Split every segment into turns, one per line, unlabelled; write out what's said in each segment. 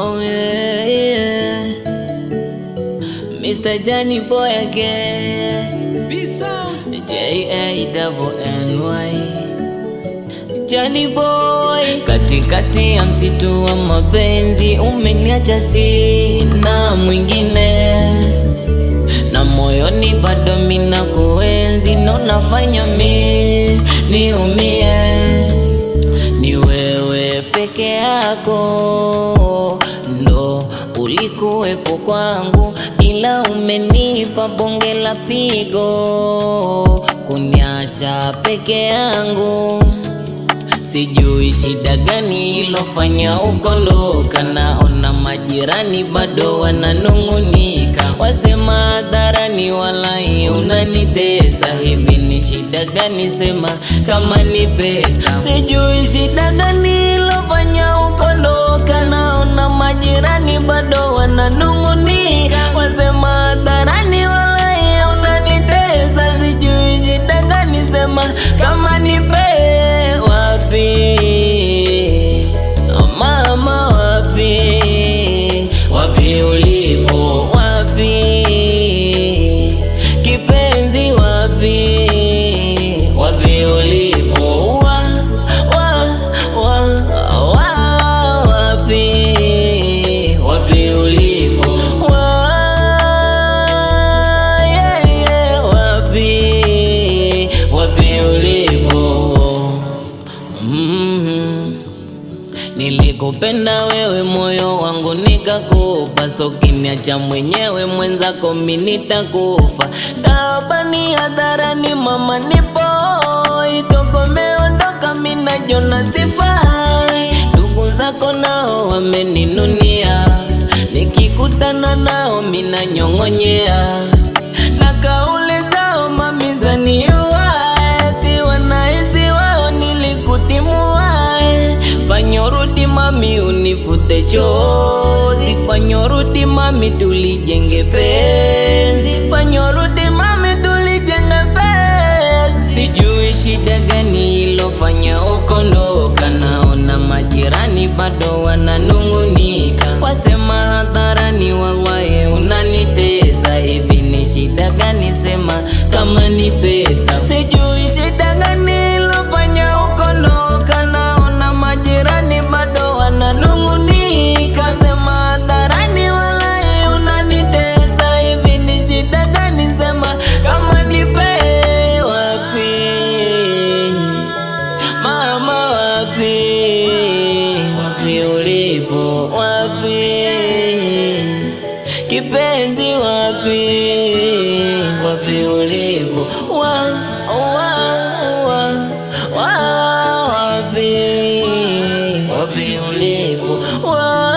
Oh, yeah, yeah. Mr. Danny Boy again. j a double n y Johnny Boy. Katikati ya msitu wa mapenzi umeniacha sina mwingine, na moyoni bado mina kuenzi, na unafanya mi niumie, ni wewe peke yako uwepo kwangu, ila umenipa bonge la pigo, kuniacha peke yangu. Sijui shida gani ilofanya ukondoka, naona majirani bado wananung'unika, wasema hadharani, walai unanitesa. Hivi ni shida gani? Sema kama ni pesa, sijui shida gani Mhm. Nilikupenda wewe moyo wangu nikakupa, so kiniacha mwenyewe mwenzako minitakufa. Taabani hadharani, mama nipo itoko, meondoka jona sifai. Ndugu zako nao wameninunia, nikikutana nao nyong'onyea Fanyorudi mami, univute chozi, fanyorudi mami, tulijenge penzi, fanyorudi
ulipo
wapi? Kipenzi wapi? Wapi ulipo wa, wa, wa, wa, wapi? Wapi ulipo wa,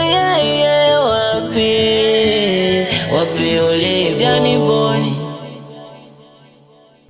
yeah, yeah, wapi? Wapi ulipo